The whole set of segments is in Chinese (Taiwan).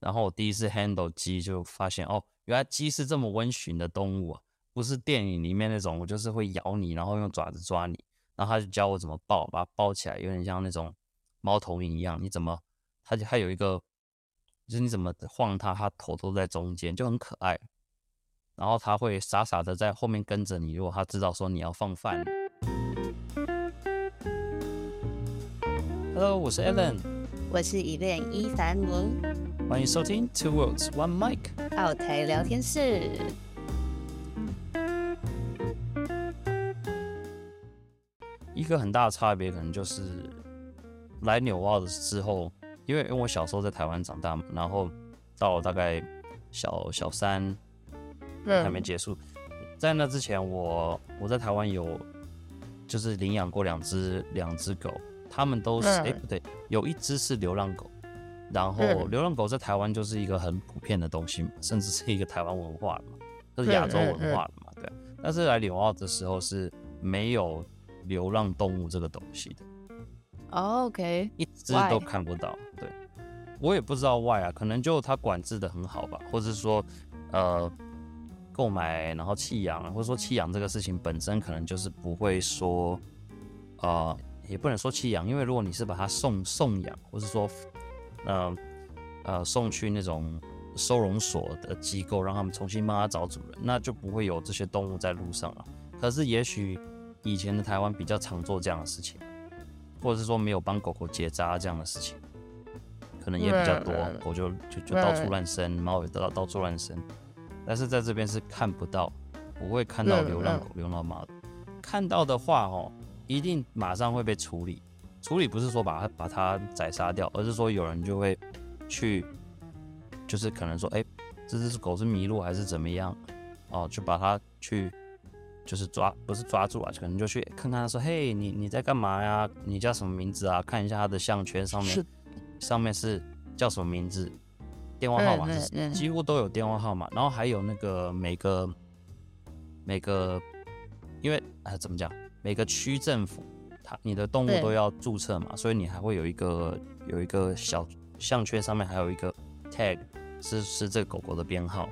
然後我第一次 handle 雞就發現哦，原來雞是這麼溫馴的動物啊，不是電影裡面那種我就是會咬你，然後用爪子抓你。然後他就教我怎麼抱，把它抱起來，有點像那種貓頭鷹一樣。你怎麼？他就還有一個，就是你怎麼晃它，它頭都在中間，就很可愛。然後它會傻傻的在後面跟着你。如果它知道說你要放飯，Hello，我是 Ellen，我是 Evaine 伊凡明。歡迎收聽《Two Worlds, One Mic》澳台聊天室。一個很大的差別，可能就是來紐澳的之後，因為因為我小時候在台灣長大，然後到大概小小三，嗯，還沒結束，在那之前我，我我在台灣有就是領養過兩隻兩隻狗，它們都是，嗯，欸、不對，有一隻是流浪狗。然後流浪狗在台灣就是一個很普遍的東西嘛，甚至是一個台灣文化嘛，就是亞洲文化的嘛，對。但是來留澳的時候是沒有流浪動物這個東西的，oh，OK，一只都看不到。對，我也不知道 why 啊，可能就它管制得很好吧，或者是說，呃，購買然後棄養，或者說棄養這個事情本身可能就是不會說，呃，也不能說棄養，因為如果你是把它送送養，或者說嗯、呃，呃送去那種收容所的機構，讓他們重新幫他找主人，那就不會有這些動物在路上了。可是也許以前的台灣比較常做這樣的事情，或者是說沒有幫狗狗結扎這樣的事情，可能也比較多。狗就就就到處亂生，貓也到到處亂生。但是在這邊是看不到，不會看到流浪狗、流浪貓。看到的話，哦，一定馬上會被處理。處理不是說把它把它宰殺掉，而是說有人就會去，就是可能說，哎、欸，這隻狗是迷路還是怎麼樣，哦，就把它去，就是抓，不是抓住啊，可能就去看看他，說，嘿，你你在幹嘛呀？你叫什麼名字啊？看一下他的項圈上面，是上面是叫什麼名字，電話號碼 是，幾乎都有電話號碼，然後還有那個每個每個，因為啊、哎、怎麼講，每個區政府。你的動物都要註冊嘛，對所以你還會有一個有一個小項圈，上面還有一個 tag，是是這個狗狗的編號。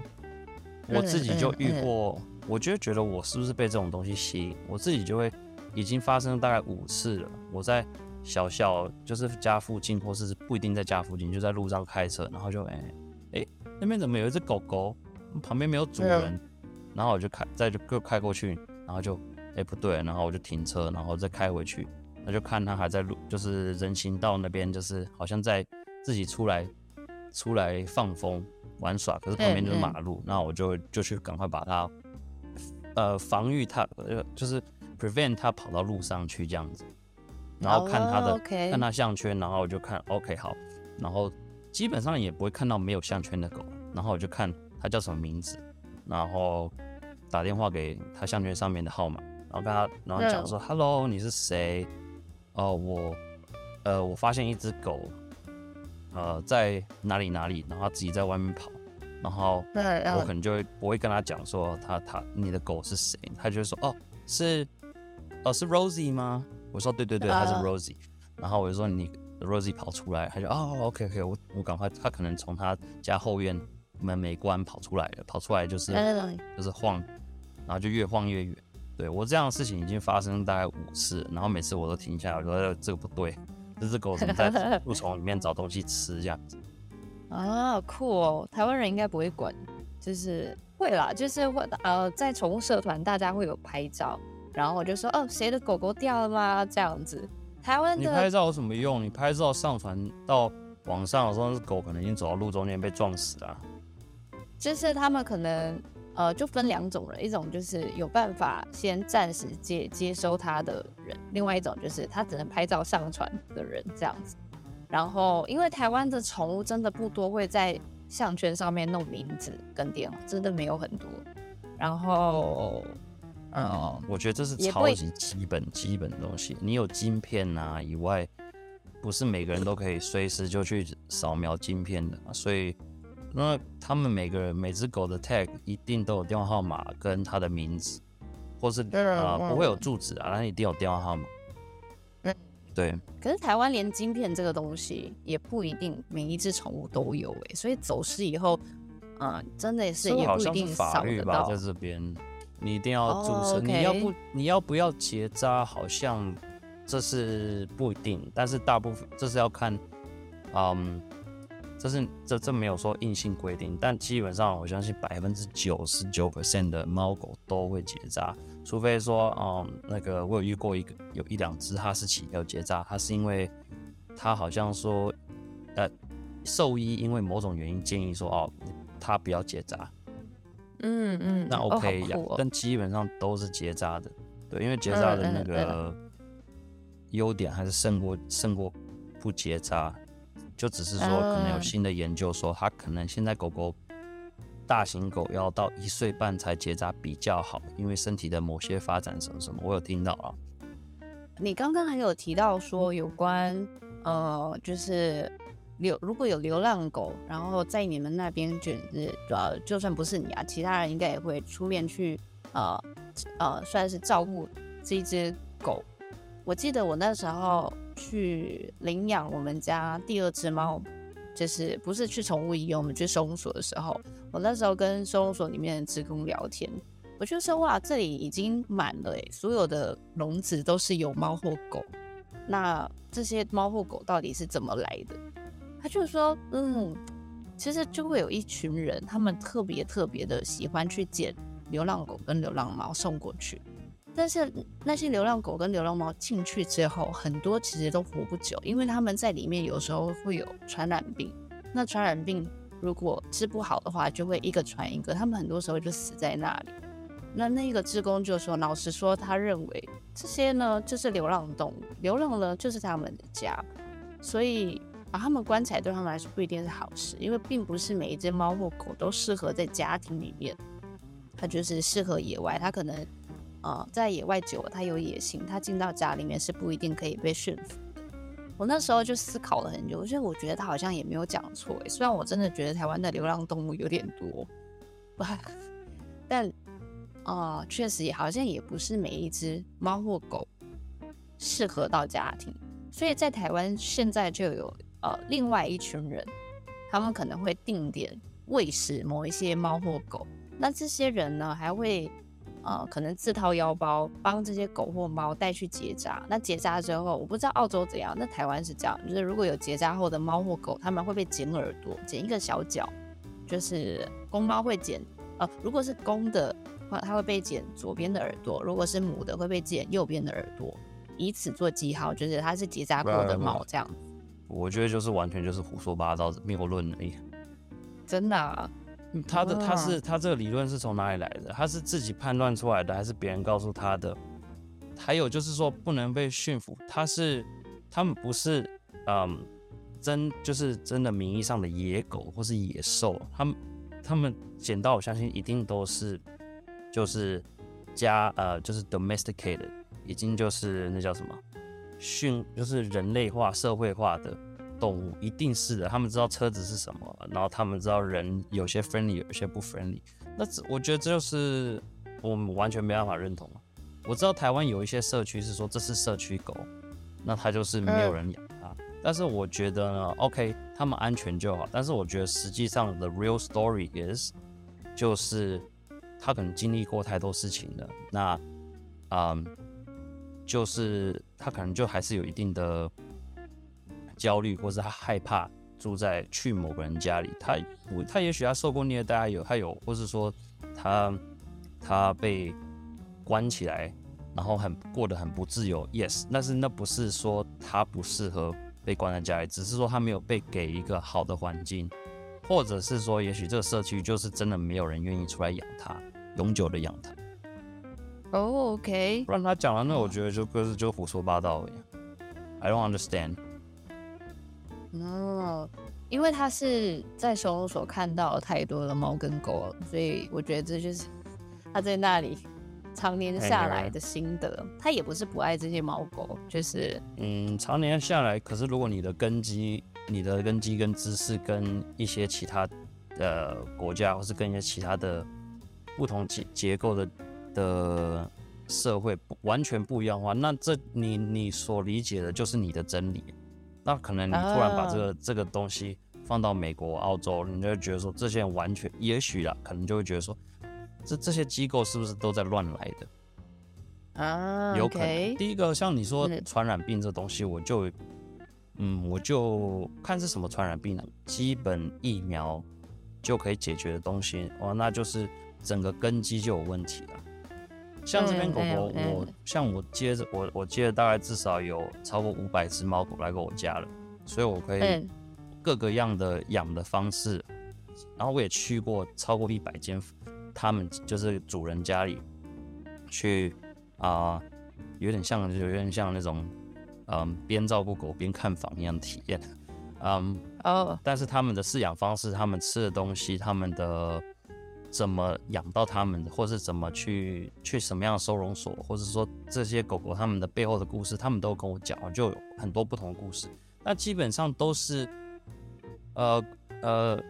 我自己就遇過，嗯嗯嗯，我就覺得我是不是被這種東西吸引，我自己就會已經發生大概五次了。我在小小就是家附近，或是不一定在家附近，就在路上開車，然後就哎哎、欸欸、那邊怎麼有一只狗狗，旁邊沒有主人，嗯、然後我就開再就開過去，然後就。哎，欸、不對，然後我就停車，然後再開回去，那就看它還在路，就是人行道那邊，就是好像在自己出來，出來放風玩耍。可是旁邊就是馬路，那、嗯嗯、我就就去趕快把它，呃，防禦它，呃，就是 prevent 它跑到路上去這樣子。然後看它的，了看它項圈 okay，然後我就看 OK 好，然後基本上也不會看到沒有項圈的狗，然後我就看它叫什麼名字，然後打電話給它項圈上面的號碼。然後跟他，然後講說 Yeah.：“Hello，你是誰？哦、呃，我，呃，我發現一隻狗，呃，在哪裡哪裡，然後自己在外面跑。然後，對 Yeah.、呃，我可能就會，我會跟他講說，他他，你的狗是誰？他就會說，哦，是，哦、呃、是 Rosie 嗎？我說，對對對，他 Yeah. 是 Rosie。然後我就說，你 Rosie 跑出來，他就，哦，OK OK，我我趕快，他可能從他家後院門沒關跑出來了，跑出來就是，就是晃，Yeah. 然後就越晃越遠。”對，我這樣的事情已經發生大概五次，然後每次我都停下來，我覺得這個不對，這隻狗怎麼在樹叢裡面找東西吃這樣子。 啊，好酷哦！台灣人應該不會管，就是會啦，就是會呃，在寵物社團大家會有拍照，然後我就說哦，誰的狗狗掉了嗎？這樣子。台灣人你拍照有什麼用？你拍照上傳到網上的時候，那隻狗可能已經走到路中間被撞死了。就是他們可能。呃，就分兩種人，一種就是有辦法先暫時接接收他的人，另外一種就是他只能拍照上傳的人這樣子。然後，因為台灣的寵物真的不多，會在項圈上面弄名字跟電話，真的沒有很多。然後，嗯、啊，我覺得這是超級基本也對 基本的東西。你有晶片吶、啊，以外，不是每個人都可以隨時就去掃描晶片的嘛，所以。因為他們每個人每隻狗的 tag 一定都有電話號碼跟它的名字，或是啊、呃、不會有住址啊，但一定有電話號碼。嗯、對。可是台灣連晶片這個東西也不一定每一只寵物都有哎、欸，所以走失以後，啊、呃，真的是也不一定掃得到，這個好像是法律吧，在這邊你一定要注射，哦 okay、你要不你要不要結紮，好像這是不一定，但是大部分這是要看，嗯。這是這這沒有說硬性規定，但基本上我相信百分之九十九 percent 的貓狗都會結扎，除非說，嗯，那個我有遇過一個有一兩只哈士奇要結扎，它是因為它好像說，呃，獸醫因為某種原因建議說，哦，它不要結扎、嗯，嗯嗯，那 OK 呀、哦哦，但基本上都是結扎的，對，因為結扎的那個、嗯嗯嗯、優點還是勝過勝過不結扎。就只是說，可能有新的研究說，它可能現在狗狗大型狗要到一歲半才結紮比較好，因為身體的某些發展什麼什麼，我有聽到啊。你剛剛還有提到說有關呃，就是流如果有流浪狗，然後在你們那邊就是主要就算不是你啊，其他人應該也會出面去呃呃，算是照顧這一隻狗。我記得我那時候。去領養我們家第二隻貓，就是不是去寵物醫院，我們去收容所的時候，我那時候跟收容所裡面的職工聊天，我就說、是、哇，這裡已經滿了欸，所有的籠子都是有貓或狗，那這些貓或狗到底是怎麼來的？他就說，嗯，其實就會有一群人，他們特別特別的喜歡去撿流浪狗跟流浪貓送過去。但是那些流浪狗跟流浪貓進去之後，很多其實都活不久，因為他們在裡面有時候會有傳染病。那傳染病如果治不好的話，就會一個傳一個。他們很多時候就死在那裡。那那個志工就是說：“老實說，他認為這些呢就是流浪動物，流浪呢就是他們的家，所以把、啊、他們關起來對他們來說不一定是好事，因為並不是每一只貓或狗都適合在家庭裡面，他就是適合野外，他可能。”啊、呃，在野外久了，他有野性，他進到家裡面是不一定可以被馴服的。我那時候就思考了很久，所以我覺得他好像也沒有講錯。雖然我真的覺得台灣的流浪動物有點多，但啊、呃，確實也好像也不是每一隻貓或狗適合到家庭。所以在台灣現在就有呃另外一群人，他們可能會定點餵食某一些貓或狗，那這些人呢還會。呃、嗯，可能自掏腰包幫這些狗或貓帶去結紮。那結紮之後，我不知道澳洲怎樣，那台灣是這樣，就是如果有結紮後的貓或狗，它們會被剪耳朵，剪一個小角，就是公貓會剪，呃，如果是公的話，它會被剪左邊的耳朵；如果是母的，會被剪右邊的耳朵，以此做記號，就是它是結紮過的貓這樣子。我覺得就是完全就是胡說八道的謬論而已。真的啊？他的他是他，這個理論是從哪裡來的？他是自己判斷出來的，還是別人告訴他的？還有就是說不能被馴服，他是他們不是嗯、呃、真就是真的名義上的野狗或是野獸，他們他們撿到，我相信一定都是就是加呃就是 domesticated，已經就是那叫什麼馴，就是人類化社會化的。動物一定是的，他們知道車子是什麼，然後他們知道人有些分離，有些不分離。那我覺得這就是我們完全沒辦法認同，我知道台灣有一些社區是說這是社區狗，那它就是沒有人養他。Okay. 但是我覺得呢，OK，他們安全就好。但是我覺得實際上的 real story is 就是他可能經歷過太多事情了。那，啊、嗯，就是他可能就還是有一定的。焦慮，或是他害怕住在去某個人家裡，他不，他也許他受過虐待，有他有，或是說他他被關起來，然後很過得很不自由。Yes，但是那不是說他不適合被關在家裡，只是說他沒有被給一個好的環境，或者是說，也許這個社區就是真的沒有人願意出來養他，永久的養他。o、oh, OK。不然他講了那，我覺得就各自就胡說八道了。I don't understand. 哦、嗯，因為他是在收容所看到太多的貓跟狗，所以我覺得這就是他在那裡常年下來的心得。嘿嘿，他也不是不愛這些貓狗，就是嗯，常年下來。可是如果你的根基、你的根基跟知識跟一些其他的、呃、國家，或是跟一些其他的不同結結構的的社會不完全不一樣的話，那這你你所理解的就是你的真理。那可能你突然把這個、oh. 這個東西放到美國、澳洲，你就會覺得說這些人完全，也許了，可能就會覺得說，這這些機構是不是都在亂來的啊？有可能。第一個，像你說傳染病這東西，我就，嗯，我就看是什麼傳染病呢、啊？基本疫苗就可以解決的東西，哇、哦，那就是整個根基就有問題了。像這邊狗狗，嗯、我、嗯、像我接着我我接了大概至少有超過五百隻貓狗來過我家了，所以我可以各個樣的養的方式，嗯、然後我也去過超過一百間，他們就是主人家裡去啊、呃，有點像就有點像那種嗯邊、呃、照顧狗邊看房一樣體驗，嗯、呃、哦，但是他們的飼養方式、他們吃的東西、他們的。怎麼養到它們，或是怎麼去去什麼樣的收容所，或者說這些狗狗它們的背後的故事，他們都跟我講，就有很多不同的故事。那基本上都是，呃呃，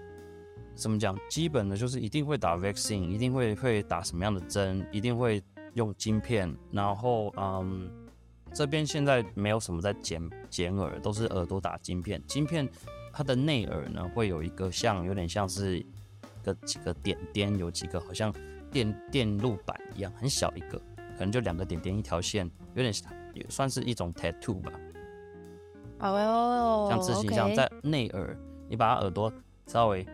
怎麼講？基本的就是一定會打 vaccine，一定會會打什麼樣的針，一定會用晶片。然後嗯，這邊現在沒有什麼在剪剪耳，都是耳朵打晶片。晶片它的內耳呢，會有一個像有點像是。幾個點點，有幾個好像電電路板一樣，很小一個，可能就兩個點點一條線，有點也算是一種 tattoo 吧。哦，oh, okay. 像自己這樣在內耳，你把它耳朵稍微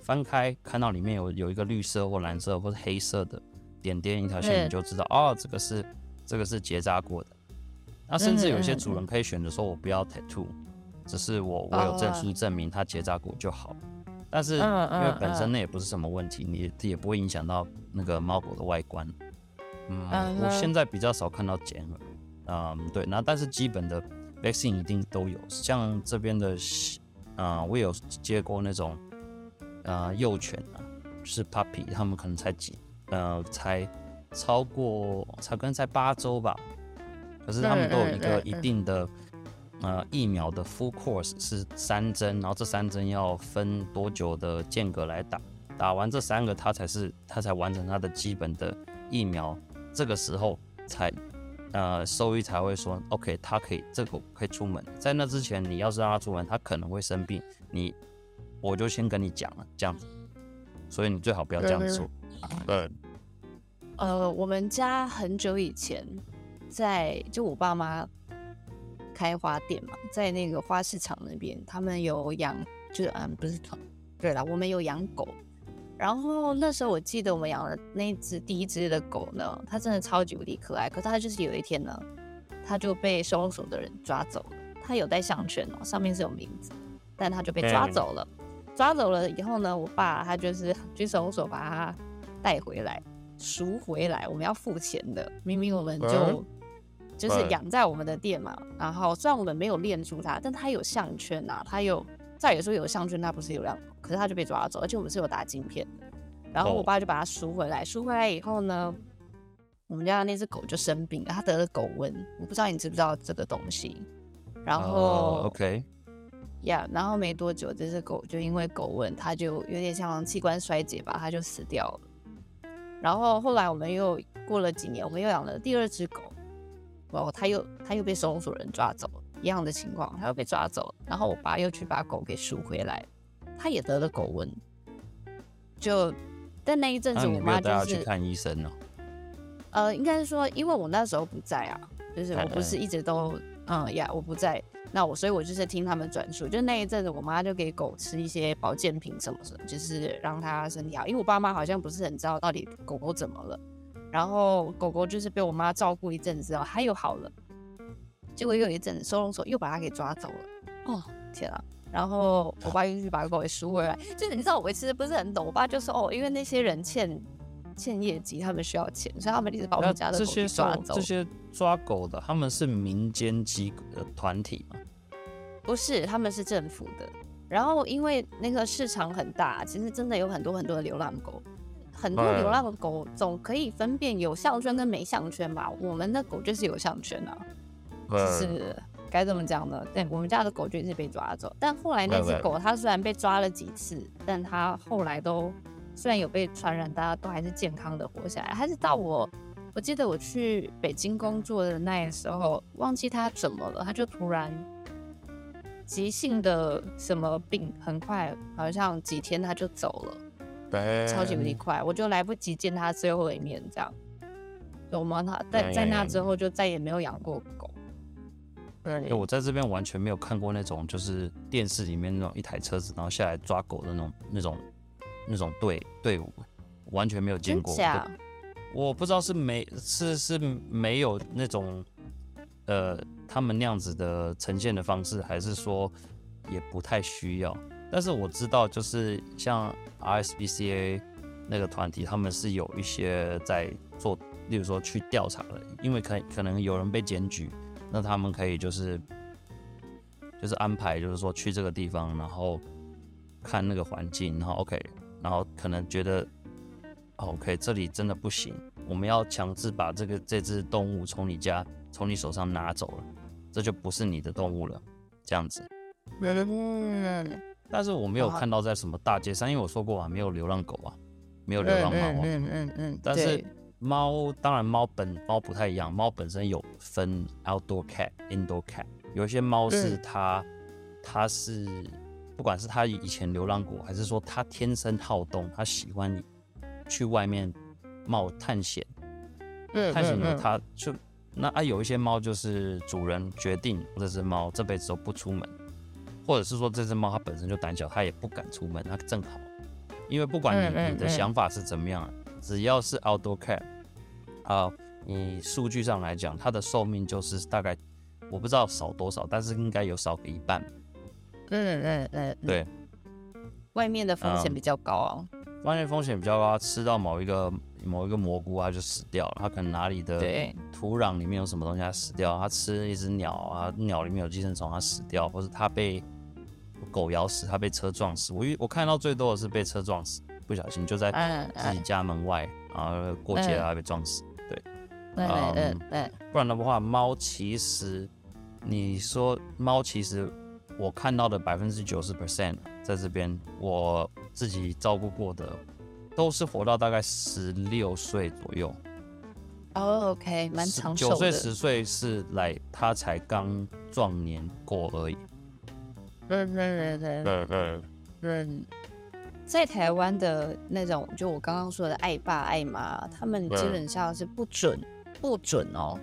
翻開，看到裡面有有一個綠色或藍色或者黑色的點點一條線，你就知道，mm. 哦，這個是這個是結扎過的。那甚至有些主人可以選擇說，我不要 tattoo，只是我我有證書證明它結扎過就好。但是因為本身那也不是什麼問題，uh, uh, uh. 你也不會影響到那個貓狗的外觀。嗯，uh, uh. 我現在比較少看到剪耳。嗯，對。那但是基本的 vaccine 一定都有。像這邊的，嗯，我有接過那種，呃，幼犬啊，就是 puppy，他們可能才幾，呃，才超過，才剛才八周吧。可是他們都有一個一定的。呃，疫苗的 full course 是三針，然後這三針要分多久的間隔來打，打完這三個，他才是他才完成他的基本的疫苗，這個時候才呃獸醫才會說 OK，他可以這個可以出門。在那之前，你要是讓他出門，他可能會生病。你我就先跟你講了這樣子，所以你最好不要這樣做。對，沒沒對。對，沒沒。對。呃，我們家很久以前在就我爸媽。開花店嘛，在那個花市場那邊，他們有養，就是嗯，不是對啦，我們有養狗。然後那時候我記得我們養了那隻第一隻的狗呢，它真的超級無敵可愛。可是它就是有一天呢，它就被收容所的人抓走了。它有帶項圈哦、喔，上面是有名字，但它就被抓走了。Okay. 抓走了以後呢，我爸他就是去收容所把它帶回來，贖回來，我們要付錢的。明明我們就。Okay. 就是養在我們的店嘛，But, 然後雖然我們沒有練出它，但它有項圈吶、啊，它有再有時候有項圈，它不是有兩，可是它就被抓走，而且我們是有打晶片的，然後我爸就把它贖回來，oh. 贖回來以後呢，我們家那隻狗就生病了，它得了狗瘟，我不知道你知不知道這個東西。然後、oh, OK，y、yeah, 然後沒多久，這隻狗就因為狗瘟，它就有點像器官衰竭吧，它就死掉了。然後後來我們又過了幾年，我們又養了第二隻狗。然後、哦、他又他又被收容所人抓走，一樣的情況，他又被抓走。然後我爸又去把狗給贖回來，他也得了狗瘟。就，但那一陣子我媽就是，你會帶他去看醫生哦？呃，應該是說，因為我那時候不在啊，就是我不是一直都 嗯呀，yeah, 我不在，那我所以我就是聽他們轉述，就那一陣子我媽就給狗吃一些保健品什麼什麼，就是讓它身體好，因為我爸媽好像不是很知道到底狗狗怎麼了。然後狗狗就是被我媽照顧一陣子，然後它又好了，結果又有一陣子，收容所又把它給抓走了。哦，天啊！然後我爸又去把狗給贖回來。啊、就是你知道，我其實不是很懂。我爸就說，哦，因為那些人欠欠業績，他們需要錢，所以他們一直把我們家的狗抓走這,這些抓狗的他們是民間機構團體嗎？不是，他們是政府的。然後因為那個市場很大，其實真的有很多很多的流浪狗。很多流浪的狗總可以分辨有項圈跟沒項圈吧？我們的狗就是有項圈、啊、 的，就是該怎麼講呢？但我們家的狗就是被抓走，但後來那隻狗它雖然被抓了幾次，但它後來都雖然有被傳染，大家都還是健康的活下來。還是到我我記得我去北京工作的那個時候，忘記它怎麼了，它就突然急性的什麼病，很快好像幾天它就走了。超級無敵快，我就來不及見他，最後一面，這樣，有嗎？他在，在那之後就再也沒有養過狗。對、嗯嗯嗯嗯欸，我在這邊完全沒有看過那種，就是電視裡面那種一台車子然後下來抓狗的那種、那種、那種隊，隊伍，完全沒有見過、嗯。我不知道是沒是是沒有那種呃他們那樣子的呈現的方式，還是說也不太需要。但是我知道，就是像 RSPCA 那個團體，他們是有一些在做，例如說去調查的，因為可可能有人被檢舉，那他們可以就是就是安排，就是說去這個地方，然後看那個環境，然後 OK，然後可能覺得 OK，這裡真的不行，我們要強制把這個這隻動物從你家從你手上拿走了，這就不是你的動物了，這樣子。但是我沒有看到在什麼大街上，啊、因為我說過啊，沒有流浪狗啊，沒有流浪貓啊。嗯嗯嗯。嗯嗯嗯，但是貓，當然貓本貓不太一樣，貓本身有分 outdoor cat, cat、indoor cat，有一些貓是它，它是、嗯、不管是它以前流浪過，還是說它天生好動，它喜歡去外面冒探險、嗯。嗯。探險它就那啊，有一些貓就是主人決定或者是這隻貓這輩子都不出門。或者是說這隻貓它本身就膽小，它也不敢出門。它正好，因為不管你、嗯嗯嗯、你的想法是怎麼樣，只要是 outdoor cat，啊、呃，你數據上來講，它的壽命就是大概我不知道少多少，但是應該有少個一半。嗯嗯嗯，嗯嗯對，外面的風險比較高啊、哦呃。外面風險比較高，它吃到某一個某一個蘑菇啊就死掉了，它可能哪裡的土壤裡面有什麼東西它死掉，它吃一隻鳥啊，鳥裡面有寄生蟲它死掉，或是它被。狗咬死，它被車撞死。我我看到最多的是被車撞死，不小心就在自己家門外，啊啊、然後過街還、啊、被撞死。對，對，嗯嗯。不然的話，貓其實，你說貓其實，我看到的百分之九十 percent 在這邊，我自己照顧過的，都是活到大概十六歲左右。哦，OK，蠻長久。九歲十歲是來，他才剛壯年過而已。在台灣的那種，就我剛剛說的愛爸愛媽，他們基本上是不准、不准哦，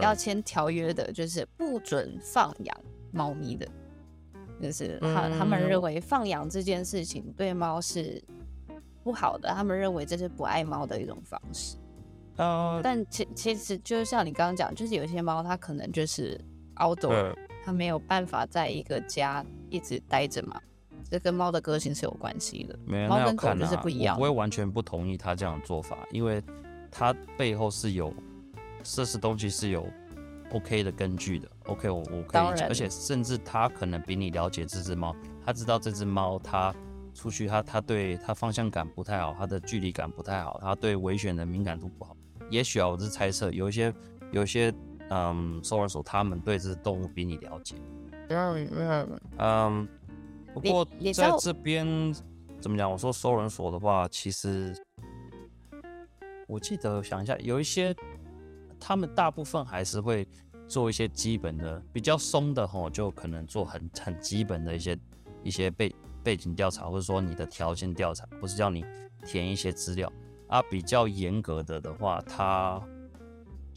要簽條約的，就是不准放養貓咪的，就是他他們認為放養這件事情對貓是不好的，他們認為這是不愛貓的一種方式。Uh, 但其其實就是像你剛剛講，就是有些貓它可能就是 outdoor。它沒有辦法在一個家一直待着嘛，這跟貓的個性是有關係的。貓、啊、跟狗就是不一樣。我不會完全不同意他這樣的做法，因為它背後是有設施、東西是有 OK 的根據的。OK，我我可以，OK, 然而且甚至他可能比你了解這隻貓，他知道這隻貓，它出去，它它對它方向感不太好，它的距離感不太好，它對危險的敏感度不好。也許啊，我是猜測，有一些，有一些。嗯，um, 收容所，他們對這些動物比你了解。嗯嗯，不過在這邊怎麼講？我說收容所的話，其實我記得想一下，有一些他們大部分還是會做一些基本的、比較鬆的齁，就可能做很很基本的一些一些背背景調查，或者說你的條件調查，不是叫你填一些資料啊。比較嚴格的的話，他。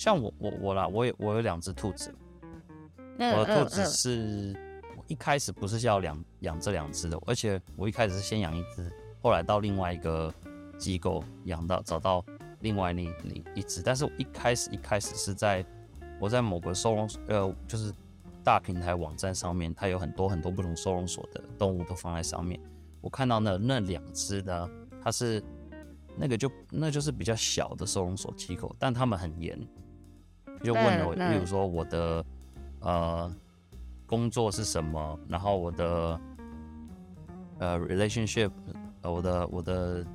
像我我我啦，我有我有兩隻兔子，嗯、我的兔子是，嗯嗯、一開始不是要兩養這兩隻的，而且我一開始是先養一隻，後來到另外一個機構養到找到另外那另一隻，但是我一開始一開始是在我在某個收容所呃就是大平台網站上面，它有很多很多不同收容所的動物都放在上面，我看到那那兩隻呢，它是那個就那就是比較小的收容所機構，但它們很嚴。就問了我，比如說我的呃工作是什麼，然後我的呃 relationship，呃我的我的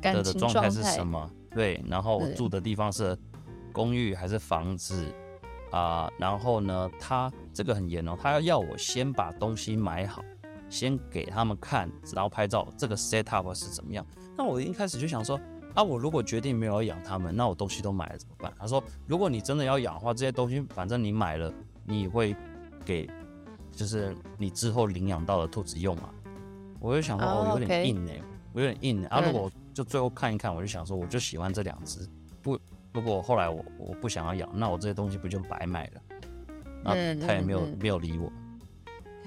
感情狀態是什麼？對，對，然後我住的地方是公寓還是房子啊對、呃？然後呢，他這個很嚴哦，他要我先把東西買好，先給他們看，然後拍照，這個 set up 是怎麼樣？那我一開始就想說。啊，我如果決定沒有養它們，那我東西都買了怎麼辦？他說，如果你真的要養的話，這些東西反正你買了，你也會給，就是你之後領養到的兔子用嘛、啊。我就想說，oh, okay. 哦，有點硬欸，我有點硬啊。如果就最後看一看，我就想說，我就喜歡這兩隻。不，如果後來我我不想要養，那我這些東西不就白買了？那他也沒有沒有理我。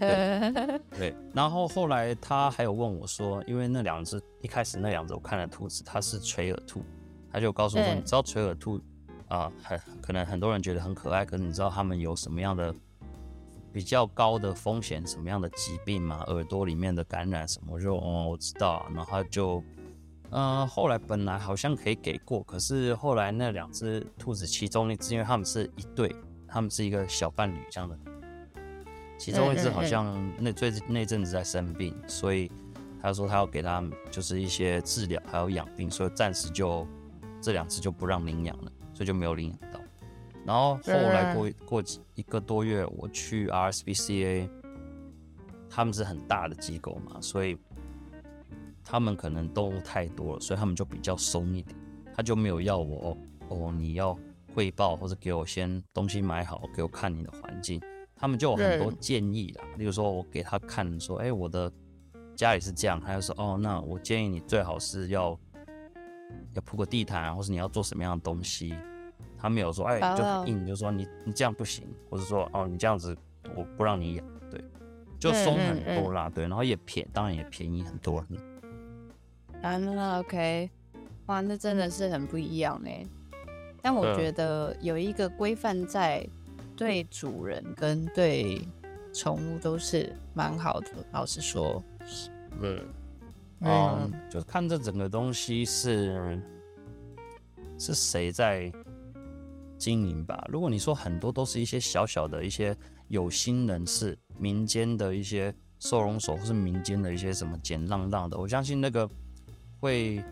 對,對，然後後來他還有問我說，因為那兩只一開始那兩只我看的兔子，它是垂耳兔，他就告訴我說，對你知道垂耳兔啊，很、呃、可能很多人覺得很可愛，可是你知道他們有什麼樣的比較高的風險，什麼樣的疾病嗎？耳朵裡面的感染什麼？我就哦、嗯，我知道。然後他就嗯、呃，後來本來好像可以給過，可是後來那兩只兔子其中那只，因為他們是一對，他們是一個小伴侶這樣的。其中一隻好像那最那陣子在生病，對對對，所以他說他要給他就是一些治療，還有養病，所以暫時就這兩隻就不讓領養了，所以就沒有領養到。然後後來過，對對，過一個多月，我去 RSPCA，他們是很大的機構嘛，所以他們可能都太多了，所以他們就比較鬆一點，他就沒有要我哦，你要匯報或者給我先東西買好，給我看你的環境。他們就有很多建議啦，嗯、例如說我給他看說，哎、欸，我的家裡是這樣，他就說，哦，那我建議你最好是要要鋪個地毯、啊，或是你要做什麼樣的東西。他沒有說，哎、欸，好就很硬，就說你你這樣不行，或者說哦，你這樣子我不讓你養，對，就鬆很多啦，嗯嗯嗯、對，然後也便，當然也便宜很多人。啊，那，那 OK，哇，那真的是很不一樣呢。但我覺得有一個規範在。對主人跟對寵物都是蠻好的，老實說。嗯，嗯，um, 就看這整個東西是是誰在經營吧。如果你說很多都是一些小小的一些有心人士，民間的一些收容所，或是民間的一些什麼撿浪浪的，我相信那個會，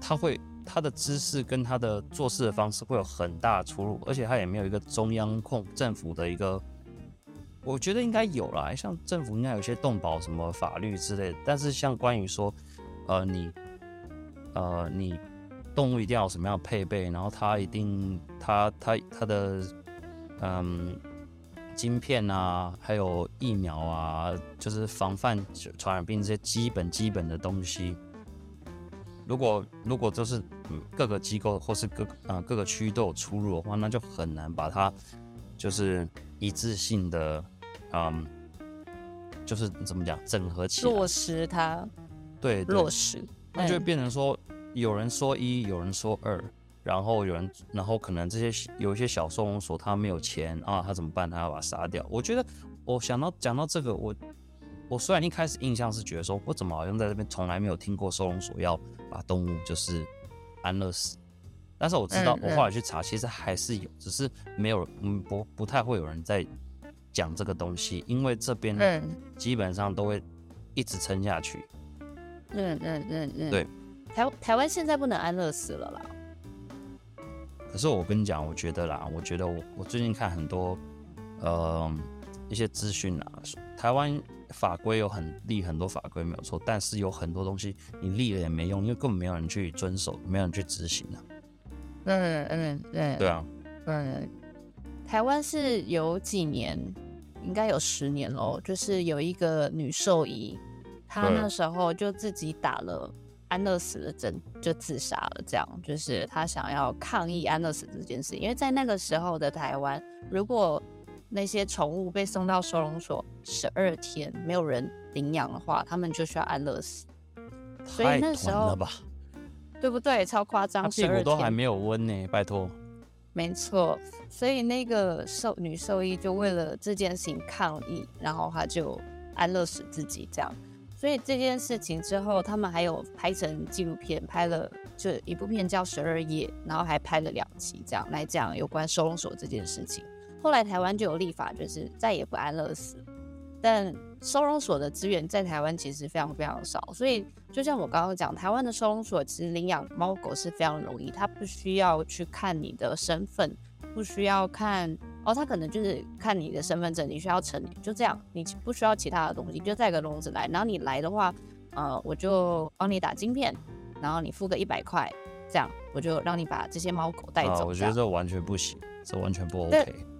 他會。他的知識跟他的做事的方式會有很大的出入，而且他也沒有一個中央控政府的一個，我覺得應該有啦，像政府應該有些動保什麼法律之類的，但是像關於說，呃，你，呃，你動物一定要有什麼樣的配備，然後它一定它它它的嗯，晶片啊，還有疫苗啊，就是防范傳染病這些基本基本的東西。如果如果就是各個機構或是各、呃、各個區域都有出入的話，那就很難把它就是一致性的嗯，就是怎麼講整合起來落實它對，對，對落實、嗯、那就會變成說有人說一，有人說二，然後有人然後可能這些有一些小收容所他沒有錢啊，他怎麼辦？他要把它殺掉。我覺得我想到講到這個，我我雖然一開始印象是覺得說，我怎麼好像在這邊從來沒有聽過收容所要。把動物就是安樂死，但是我知道，我後來去查，其實還是有，嗯嗯、只是沒有，嗯，不不太會有人在講這個東西，因為這邊基本上都會一直撐下去。嗯嗯嗯嗯，嗯嗯嗯對。台台灣現在不能安樂死了啦。可是我跟你講，我覺得啦，我覺得我我最近看很多，嗯、呃、一些資訊啦，說台灣。法規有很立很多法規沒有錯，但是有很多東西你立了也沒用，因為根本沒有人去遵守，沒有人去執行啊。嗯嗯嗯，對，對，對，對啊，嗯，台灣是有幾年，應該有十年哦。就是有一個女獸醫，她那時候就自己打了安樂死的針，就自殺了。這樣就是她想要抗議安樂死這件事，因為在那個時候的台灣，如果那些寵物被送到收容所十二天，沒有人領養的話，他們就需要安樂死。所以那時候對不對？超誇張！屍骨都還沒有溫呢、欸，拜託。沒錯，所以那個獸女獸醫就為了這件事情抗議，然後她就安樂死自己這樣。所以這件事情之後，他們還有拍成紀錄片，拍了就一部片叫《十二夜》，然後還拍了兩期這樣來講有關收容所這件事情。後來台灣就有立法，就是再也不安樂死。但收容所的資源在台灣其實非常非常少，所以就像我剛剛講，台灣的收容所其實領養貓狗是非常容易，它不需要去看你的身份，不需要看哦，他可能就是看你的身份證，你需要成年，就這樣，你不需要其他的東西，就帶個籠子來，然後你來的話，呃，我就幫你打晶片，然後你付個一百塊，這樣我就讓你把這些貓狗帶走。啊、這樣。我覺得這完全不行，這完全不 OK。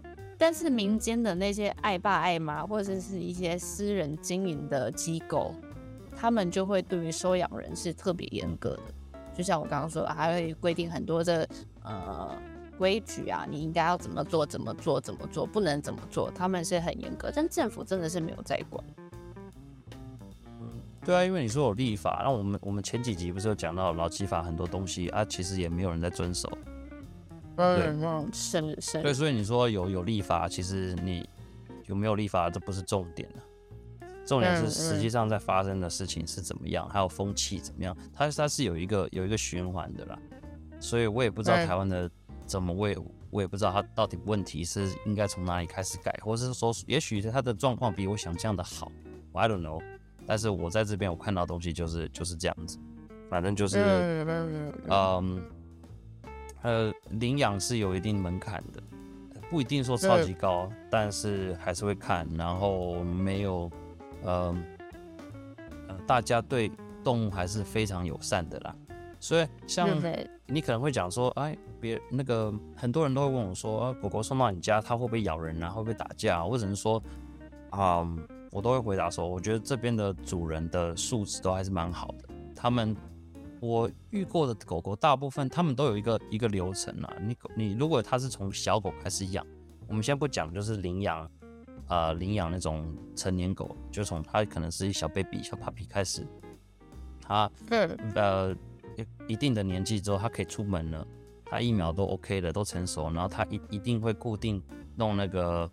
但是民間的那些愛爸愛媽，或者是一些私人經營的機構，他們就會對於收養人是特別嚴格的。就像我剛剛說，的，還、啊、會規定很多的、這個、呃規矩啊，你應該要怎麼做，怎麼做，怎麼做，不能怎麼做，他們是很嚴格。但政府真的是沒有在管。嗯，對啊，因為你說有立法，那我們我們前幾集不是有講到勞基法很多東西啊，其實也沒有人在遵守。對，對，所以你說有有立法，其實你有沒有立法，這不是重點啊，重點是實際上在發生的事情是怎麼樣，還有風氣怎麼樣，它它是有一個有一個循環的啦，所以我也不知道台灣的怎麼，我也我也不知道它到底問題是應該從哪裡開始改，或是說也許它的狀況比我想象的好，我，I don't know，但是我在這邊我看到的東西就是就是這樣子，反正就是，嗯。呃，領養是有一定門檻的，不一定說超級高，是，但是還是會看。然後沒有呃，呃，大家對動物還是非常友善的啦。所以像你可能會講說，哎、呃，別那個很多人都會問我說，呃、狗狗送到你家，它會不會咬人啊？會不會打架啊？我只能說，啊、呃，我都會回答說，我覺得這邊的主人的素質都還是蠻好的，他們。我遇過的狗狗大部分，它們都有一個一個流程啊。你狗你如果它是從小狗開始養，我們先不講，就是領養啊、呃，領養那種成年狗，就從它可能是一小 baby、小 puppy 開始，它呃呃一定的年紀之後，它可以出門了，它疫苗都 OK 了，都成熟，然後它一一定會固定弄那個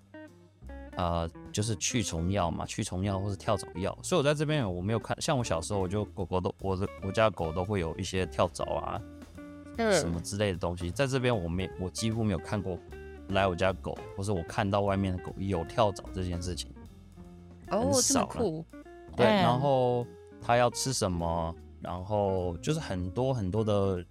呃，就是驅蟲藥嘛，驅蟲藥或是跳蚤藥，所以我在這邊我沒有看，像我小時候，我就狗狗都我的我家的狗都會有一些跳蚤啊，是什麼之類的東西，在這邊我沒我幾乎沒有看過，來我家狗或是我看到外面的狗有跳蚤這件事情，哦，很少了，這麼酷，對，嗯，然後它要吃什麼，然後就是很多很多的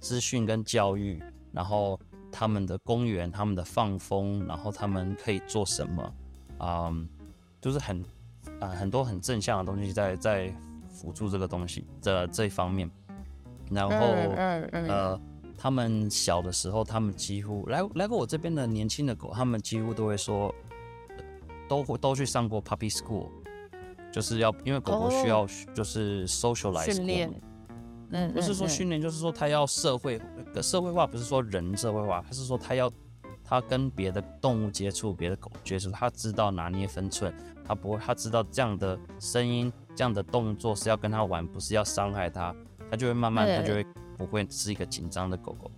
資訊跟教育，然後他們的公園，他們的放風，然後他們可以做什麼。嗯，um, 就是很，啊、呃，很多很正向的東西在在輔助這個東西的這一方面。然後，uh, uh, uh, uh, 呃，他們小的時候，他們幾乎來來過我這邊的年輕的狗，他們幾乎都會說，都都去上過 puppy school，就是要因為狗狗需要、oh, 就是 socialize 訓練，嗯，不是說訓練，就是說它要社會社會化，不是說人社會化，它、就是說它要。他跟別的動物接觸，別的狗接觸，他知道拿捏分寸，他不，會，他知道這樣的聲音、這樣的動作是要跟他玩，不是要傷害他，他就會慢慢，他對就會不會是一個緊張的狗狗，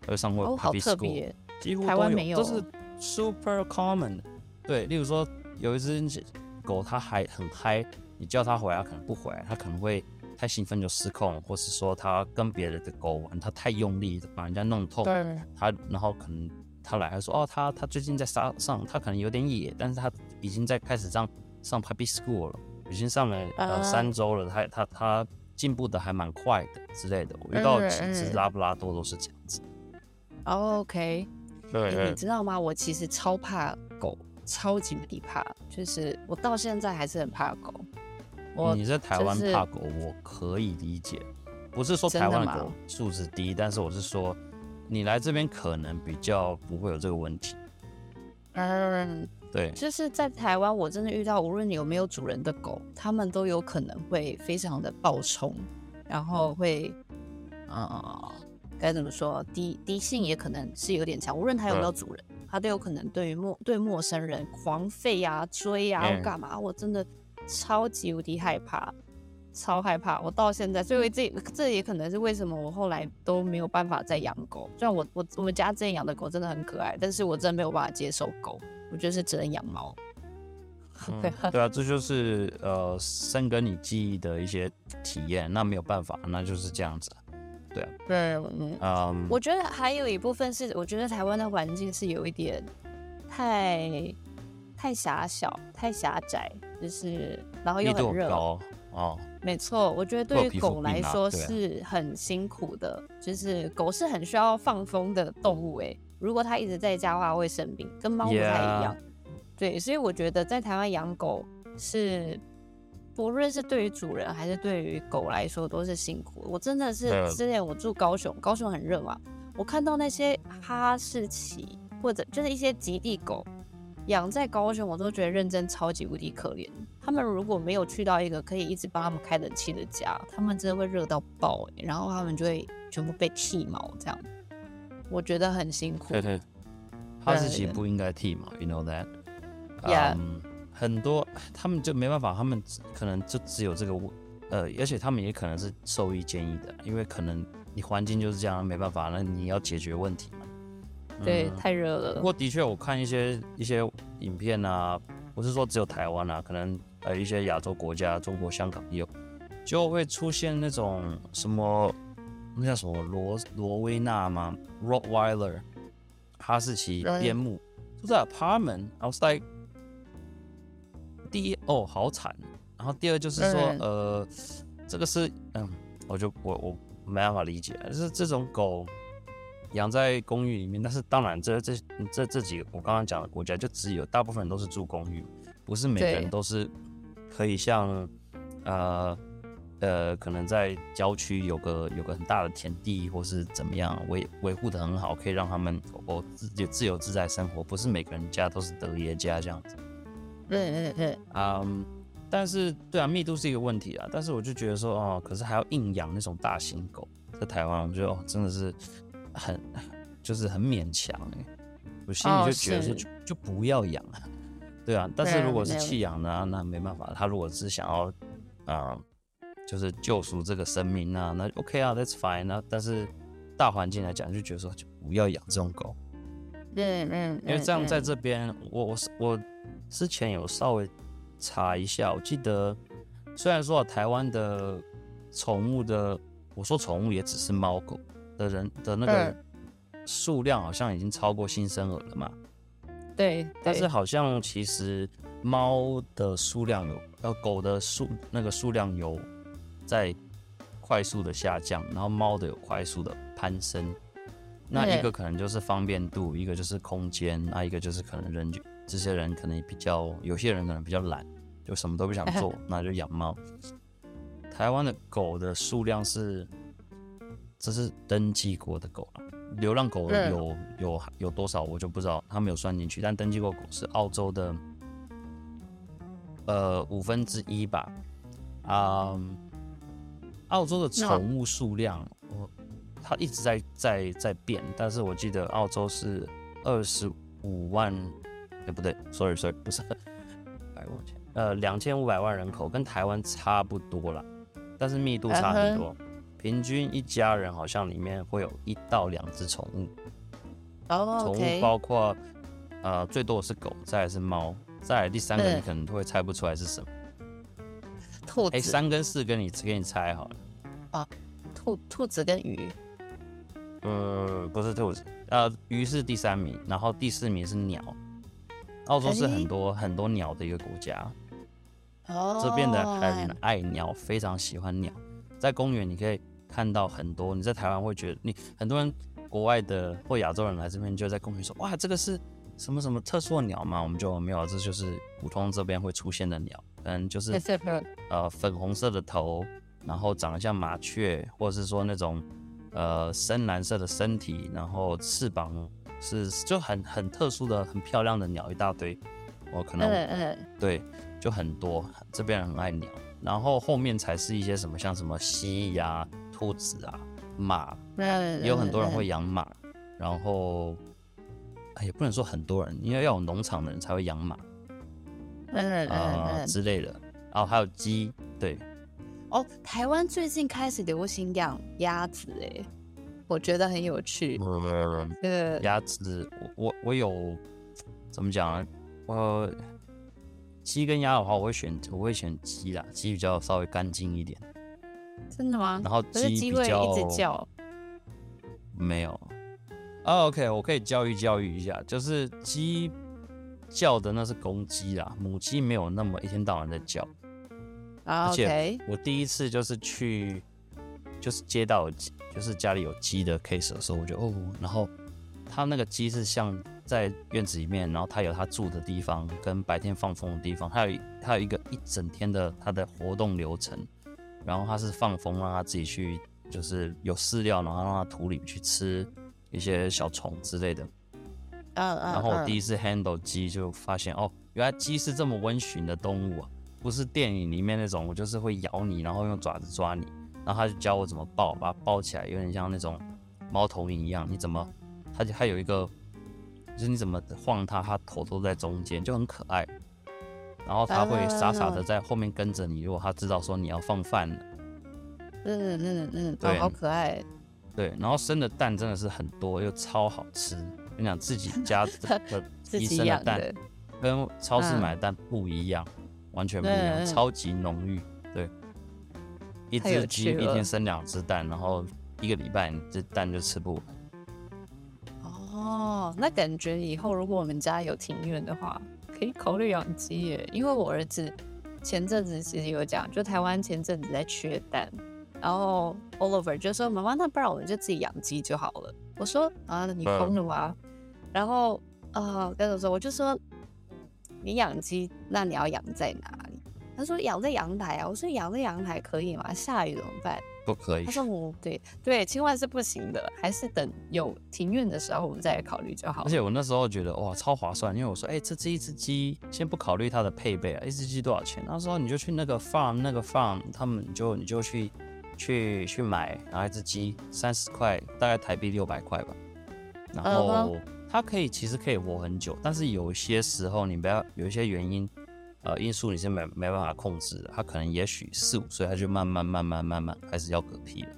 他就會上過 Puppy School、哦、好特別，幾乎都有，台灣沒有，這是 super common。對，例如說有一隻狗，它還很嗨，你叫它回來、啊，可能不回來，它可能會太興奮就失控，或是說它跟別的的狗玩，它太用力把人家弄痛，對它然後可能。他來還說哦，他他最近在上上，他可能有點野，但是他已經在開始上上 puppy school 了，已經上了呃、uh, 三周了，他他他進步的還蠻快的之類的。我遇到幾次拉布拉多都是這樣子。OK 對。對對、欸。你知道嗎？我其實超怕狗，狗超級無敵怕，就是我到現在還是很怕狗。你在台灣怕狗，就是、我可以理解，不是說台灣狗,狗素質低，但是我是說。你來這邊可能比較不會有這個問題，嗯，對，就是在台灣，我真的遇到無論有沒有主人的狗，它們都有可能會非常的暴衝，然後會，呃、嗯，該、嗯、怎麼說，敵敵性也可能是有點強，無論它有沒有主人，它、嗯、都有可能對於陌對陌生人狂吠啊、追啊、幹、嗯、嘛，我真的超級無敵害怕。超害怕！我到現在，所以這這也可能是為什麼我後來都沒有辦法再養狗。雖然我我我們家自己養的狗真的很可愛，但是我真的沒有辦法接受狗，我就是只能養貓。對啊，這就是呃深根你記憶的一些體驗。那沒有辦法，那就是這樣子。對啊，對，嗯，um, 我覺得還有一部分是，我覺得台灣的環境是有一點太太狹小、太狹窄，就是然後又很熱哦。沒錯，我覺得對於狗來說是很辛苦的，就是狗是很需要放風的動物誒、欸，如果它一直在家的話會生病，跟貓不太一樣。Yeah. 對，所以我覺得在台灣養狗是，不論是對於主人還是對於狗來說都是辛苦。我真的是 Yeah. 之前我住高雄，高雄很熱嘛，我看到那些哈士奇或者就是一些極地狗，養在高雄，我都覺得認真超級無敵可憐。他們如果沒有去到一個可以一直幫他們開冷氣的家，他們真的會熱到爆、欸，然後他們就會全部被剃毛這樣。我覺得很辛苦。對對，哈士奇不應該剃毛對，You know that？啊，yeah. um, 很多他們就沒辦法，他們可能就只有這個，呃，而且他們也可能是獸醫建議的，因為可能你環境就是這樣，沒辦法，那你要解決問題。嗯、對，太熱了。不過的確，我看一些一些影片啊，不是說只有台灣啊，可能呃一些亞洲國家，中國香港也有，就會出現那種什麼，那叫什麼羅羅威納嗎？Rottweiler, 哈士奇，邊牧、嗯、住在 apartment outside、like,。第一哦好慘，然後第二就是說、嗯、呃，這個是嗯，我就我我沒辦法理解，就是這種狗。養在公寓裡面，但是當然這，這這這這幾個我剛剛講的國家就只有大部分人都是住公寓，不是每個人都是可以像對呃呃，可能在郊區有個有個很大的田地，或是怎麼樣維維護得很好，可以讓他們哦自己自由自在生活，不是每個人家都是德爺家這樣子。對對對對，對對嗯，但是對啊，密度是一個問題啊，但是我就覺得說哦，可是還要硬養那種大型狗，在台灣我覺得哦真的是。很，就是很勉強，我心裡就覺得說就、oh, 就不要養了，是，對啊。但是如果是棄養呢？Yeah, 那沒辦法。yeah. 他如果是想要啊、呃，就是救贖這個生命啊，那 OK 啊，That's fine 啊。但是大環境來講，就覺得說就不要養這種狗。對，嗯，因為這樣在這邊，我我我之前有稍微查一下，我記得雖然說台灣的寵物的，我說寵物也只是貓狗。的人的那個數量好像已經超過新生兒了嘛？對，對，但是好像其實貓的數量有，呃，狗的數那個數量有在快速的下降，然後貓的有快速的攀升。那一個可能就是方便度，嗯、一個就是空間，那一個就是可能人，這些人可能比較，有些人可能比較懶，就什麼都不想做，那就養貓。 台灣的狗的數量是。這是登記過的狗，流浪狗有有有多少我就不知道，他、嗯、沒有算進去。但登記過狗是澳洲的，呃，五分之一吧。嗯、呃，澳洲的寵物數量、嗯，它一直在在在變，但是我記得澳洲是二十五萬，哎、欸，不對，sorry sorry，不是百萬，呃，兩千五百萬人口跟台灣差不多了，但是密度差很多。嗯平均一家人好像裡面會有一到兩隻寵物，寵、oh, okay. 物包括，呃，最多的是狗，再來是貓，再來第三個你可能會猜不出來是什麼？嗯、兔子。哎、欸，三跟四跟你給你猜好了，啊，兔兔子跟魚，嗯、呃，不是兔子，呃，魚是第三名，然後第四名是鳥，澳洲是很多、啊、你很多鳥的一個國家，哦，oh. 這邊的很愛鳥，非常喜歡鳥，在公園你可以。看到很多你在台灣會覺得你很多人國外的或亞洲人來這邊就在公園說，哇，這個是什麼什麼特殊的鳥嘛？我們就沒有，這就是普通這邊會出現的鳥，嗯，就是呃粉紅色的頭，然後長得像麻雀，或者是說那種呃深藍色的身體，然後翅膀是就很很特殊的很漂亮的鳥一大堆，我、呃、可能 Okay. 對對，就很多這邊人很愛鳥，然後後面才是一些什麼像什麼蜥蜴啊。兔子啊，馬，嗯嗯、也有很多人會養馬。嗯嗯、然後，哎，也不能說很多人，因為要有農場的人才會養馬。嗯嗯嗯、呃，之類的。然後、哦、還有雞，對。哦，台灣最近開始流行養鴨子誒，我覺得很有趣。嗯嗯、鴨子，我我我有，怎麼講呢？啊？我雞跟鴨的話，我會選我會選雞啦，雞比較稍微乾淨一點。真的嗎？然後雞會一直叫沒有。啊，oh，OK，我可以教育教育一下，就是雞叫的那是公雞啦，母雞沒有那麼一天到晚在叫。Oh, okay。而且我第一次就是去，就是接到就是家裡有雞的 case 的時候，我就哦，然後它那個雞是像在院子裡面，然後它有它住的地方跟白天放風的地方，它有它有一個一整天的它的活動流程。然後它是放風，讓他自己去就是，有飼料，然後讓它土裡去吃一些小蟲之類的。Uh, uh, uh. 然後我第一次 handle 雞就發現哦，原來雞是這麼溫馴的動物啊，不是電影裡面那種我就是會咬你，然後用爪子抓你。然後他就教我怎麼抱，把它抱起來，有點像那種貓頭鷹一樣，你怎麼，他就還有一個，就是你怎麼晃它，它頭都在中間，就很可愛。然後他會傻傻的在後面跟着你。如果他知道說你要放飯了，嗯嗯嗯嗯，對，好可愛。對，然後生的蛋真的是很多，又超好吃。跟你講，自己家的、自己生的蛋，跟超市買的蛋不一樣，完全不一樣，超級濃郁。對，一隻雞一天生兩隻蛋，然後一個禮拜這蛋就吃不完。哦，那感覺以後如果我們家有庭院的話。可以考慮養雞耶，因為我兒子前陣子其實有講，就台灣前陣子在缺蛋，然後 Oliver 就說媽媽，那不然我們就自己養雞就好了。我說啊，你瘋了嗎？然後啊，跟他說，我就說你養雞，那你要養在哪裡？他說養在陽台啊。我說養在陽台可以嗎？下雨怎麼辦？都可以。他說我：“對對，千萬是不行的，還是等有庭院的時候我們再來考慮就好。”而且我那時候覺得哇，超划算，因為我說：“哎，這隻一隻雞，先不考慮它的配備啊，一隻雞多少錢？”那時候你就去那個 farm 那個 farm 他們就你就去去去買，然後一隻雞三十塊，大概台幣六百塊吧。然後、Uh-huh. 它可以其實可以活很久，但是有些時候你不要有一些原因。呃，因素你是沒沒辦法控制的，他可能也許四五歲，他就慢慢慢慢慢慢開始要嗝屁了，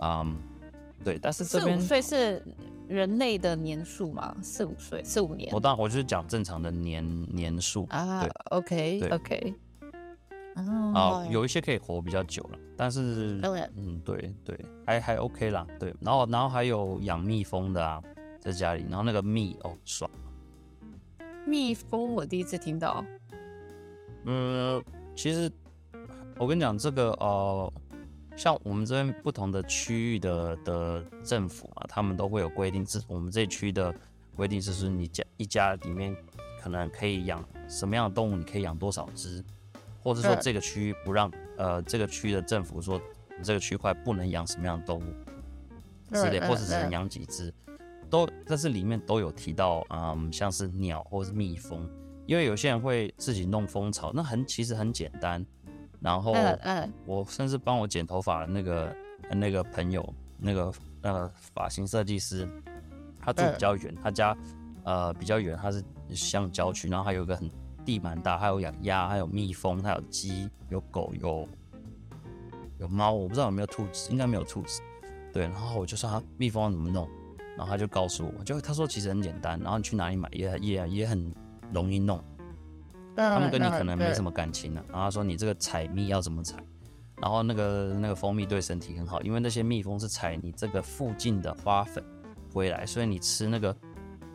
嗯、um,，對。但是四五歲是人類的年數嘛？四五歲，四五年。我當然，我就是講正常的年年數啊。Uh, 對 OK，OK。哦，有一些可以活比較久了，但是、oh、yeah. 嗯，對對，還還 OK 啦。對，然後然後還有養蜜蜂的啊，在家裡，然後那個蜜哦、喔、爽。蜜蜂，我第一次聽到。嗯，其實我跟你講這個呃，像我們這邊不同的區域的的政府啊，他們都會有規定。這我們這區的規定就是你家一家裡面可能可以養什麼樣的動物，你可以養多少隻，或者說這個區域不讓呃，這個區的政府說這個區塊不能養什麼樣的動物，是的，或是只能養幾隻，都但是裡面都有提到，嗯、呃，像是鳥或是蜜蜂。因為有些人會自己弄蜂巢，那很其實很簡單。然後，嗯，我甚至幫我剪頭髮的那個那個朋友，那個呃那個，髮型設計師，他住比較遠，他家呃比較遠，他是像郊區，然後還有一個很地蠻大，還有養鴨，還有蜜蜂，還有雞，有狗，有有貓，我不知道有沒有兔子，應該沒有兔子。對，然後我就說他蜜蜂要怎麼弄，然後他就告訴我，就他說其實很簡單，然後你去哪裡買也也也很。容易弄，對他們跟你可能沒什麼感情了，啊。對然後說你這個採蜜要怎麼採，然後那個那個蜂蜜對身體很好，因為那些蜜蜂是採你這個附近的花粉回來，所以你吃那個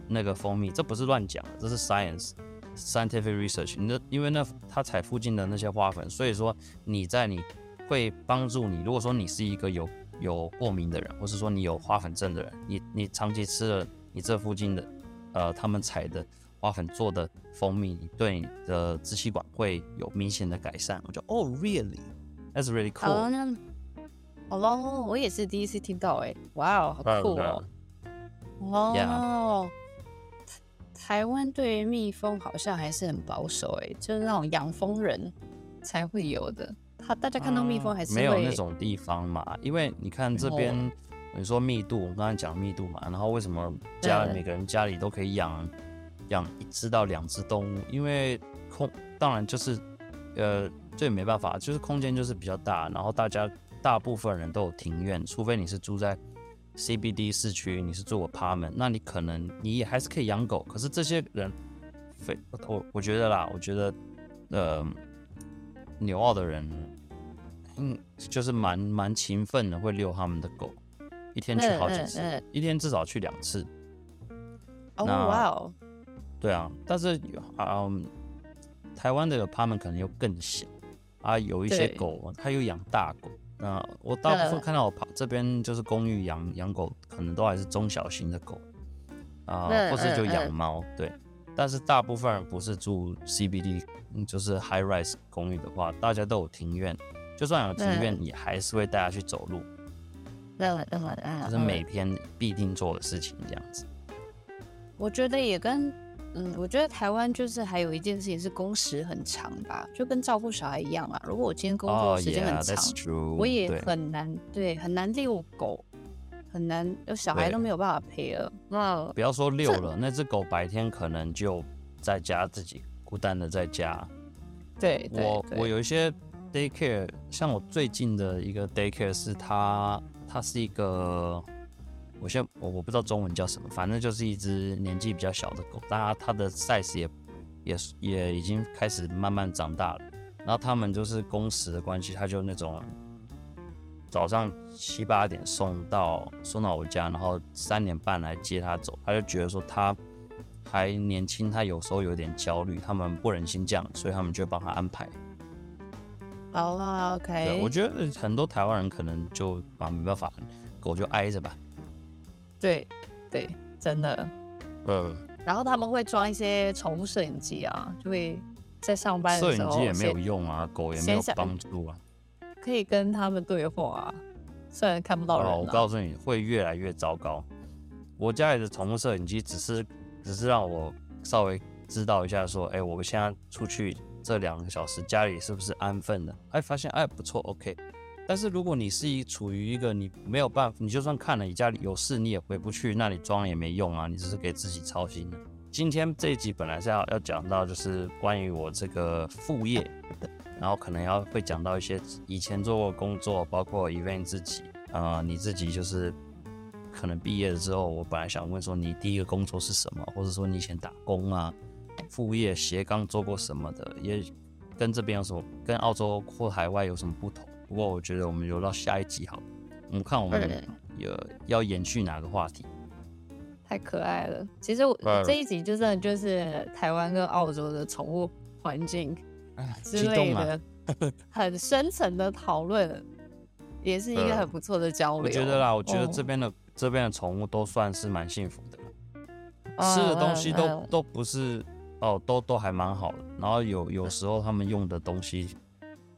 那個蜂蜜，這不是亂講，這是 science scientific research。那因為那它採附近的那些花粉，所以說你在你會幫助你。如果說你是一個有有過敏的人，或是說你有花粉症的人，你你長期吃了你這附近的，呃，他們採的。花粉做的蜂蜜對你的支氣管會有明顯的改善，我覺得哦、oh,，really，that's really cool、uh。哦、huh.，我也是第一次聽到、欸，哎，哇，好酷哦。哦。台灣對蜜蜂好像還是很保守、欸，哎，就是那種養蜂人才會有的。他大家看到蜜蜂還是、啊、沒有那種地方嘛？因為你看這邊，你、uh huh. 說密度，我剛才講密度嘛，然後為什麼家裡每個人家裡都可以養？養一隻到兩隻動物，因為空當然就是，呃，這也沒辦法，就是空間就是比較大。然後大家大部分人都有庭院，除非你是住在 CBD 市區，你是住個 apartment，那你可能你也還是可以養狗。可是這些人，非我我覺得啦，我覺得，呃，紐澳的人，嗯，就是蠻蠻勤奮的，會遛他們的狗，一天去好幾次，呵呵呵一天至少去兩次。哦哇、oh, 那。Wow. 對啊，但是，嗯、呃，台灣的 apartment 可能又更小，啊，有一些狗，對它又養大狗，那我大部分看到我跑這邊就是公寓養養狗，可能都還是中小型的狗，啊、呃，嗯、或是就養貓，嗯、對，嗯、但是大部分不是住 CBD 就是 high rise 公寓的話，大家都有庭院，就算有庭院，嗯、也還是會帶大家去走路，嗯、就是每天必定做的事情這樣子，我覺得也跟。嗯，我覺得台灣就是還有一件事情是工時很長吧，就跟照顧小孩一樣嘛、啊。如果我今天工作時間很長，Oh, yeah, that's true. 我也很難，對，對，很難遛狗，很難有小孩都沒有辦法陪了。對，那不要說遛了，這，那隻狗白天可能就在家自己孤單的在家。對，對，我，對，我有一些 daycare，像我最近的一個 daycare 是它它是一個。我先我我不知道中文叫什麼，反正就是一隻年紀比較小的狗，當然它的 size 也也也已經開始慢慢長大了。然後他們就是工時的關係，他就那種早上七八點送到送到我家，然後三點半來接它走。他就覺得說它還年輕，它有時候有點焦慮，他們不忍心這樣，所以他們就幫他安排。好了，OK，對，我覺得很多台灣人可能就把沒辦法，狗就挨着吧。對，對，真的。嗯、呃，然後他們會裝一些寵物攝影機啊，就會在上班的時候。攝影機也沒有用啊，狗也沒有幫助啊。可以跟他們對話、啊，雖然看不到人了、啊。我告訴你會越來越糟糕。我家裡的寵物攝影機只是只是讓我稍微知道一下，說，哎、欸，我們現在出去這兩個小時，家裡是不是安分的？哎，發現，哎，不錯，OK。但是如果你是一處於一個你沒有辦法，你就算看了，你家裡有事你也回不去，那你裝也沒用啊，你只是給自己操心。今天這一集本來是要要講到就是關於我這個副業的，然後可能要會講到一些以前做過工作，包括 event 自己啊、呃，你自己就是可能畢業了之後，我本來想問說你第一個工作是什麼，或者說你以前打工啊，副業斜槓做過什麼的，也跟這邊有什麼，跟澳洲或海外有什麼不同？不過我覺得我們留到下一集好了，我們看我們有要延續哪個話題。嗯、太可愛了，其實我這一集就算就是台灣跟澳洲的寵物環境之類的，很深層的討論，嗯、也是一個很不錯的交流。我覺得啦，我覺得這邊的、哦、這邊的寵物都算是蠻幸福的，哦、吃的東西都、哦嗯、都不是哦，都都還蠻好的。然後有有時候他們用的東西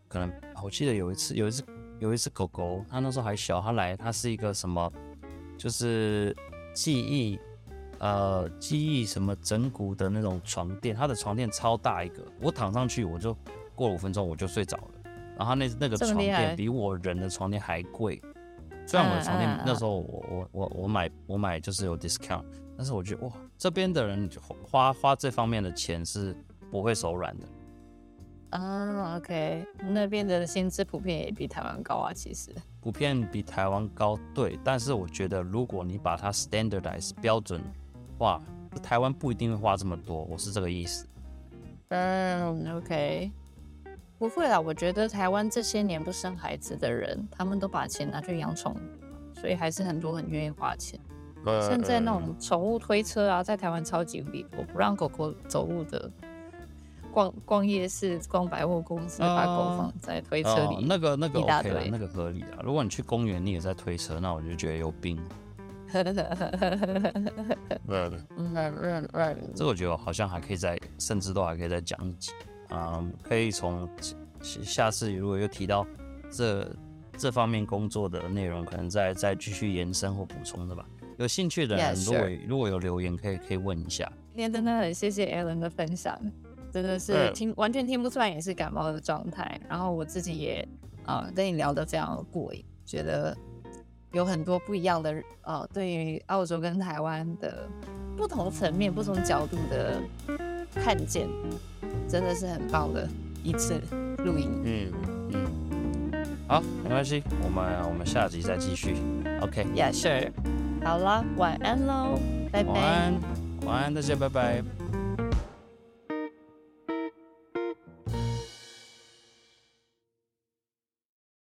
可能。我記得有一次，有一次，有一隻狗狗，它那時候還小，它來，它是一個什麼，就是記憶，呃，記憶什麼枕骨的那種床墊，它的床墊超大一個，我躺上去我就過了五分鐘我就睡着了，然後那那個床墊比我人的床墊還貴，雖然我的床墊那時候我我我我買我買就是有 discount，但是我覺得哇，這邊的人就花花這方面的錢是不會手軟的。嗯 OK 那邊的薪資普遍也比台灣高啊，其實普遍比台灣高，對。但是我覺得，如果你把它 standardize 標準化，台灣不一定會花這麼多，我是這個意思。嗯、um,，OK，不會啦。我覺得台灣這些年不生孩子的人，他們都把錢拿去養寵物，所以還是很多很願意花錢。現、um, 在那種寵物推車啊，在台灣超級火，我不讓狗狗走路的。逛逛夜市，逛百貨公司，uh, 把狗放在推車裡，oh, 那個那個 OK，那個合理啊，如果你去公園，你也在推車，那我就覺得有病。對，這個我覺得好像還可以再，甚至都還可以再講一集啊！可以從下下次如果又提到這這方面工作的內容，可能再再繼續延伸或補充的吧。有興趣的人，yeah, sure. 如果如果有留言，可以可以問一下。今天真的很謝謝 Alan 的分享。真的是聽完全聽不出來，也是感冒的狀態。然後我自己也啊、呃、跟你聊得非常過癮，覺得有很多不一樣的啊、呃，對於澳洲跟台灣的不同層面、不同角度的看見，真的是很棒的一次錄音。嗯嗯，好，沒關係，我們我們下集再繼續。OK，Yeah，Sure、okay. 雨。好了，晚安嘍，拜拜。晚安，晚安大家，拜拜。嗯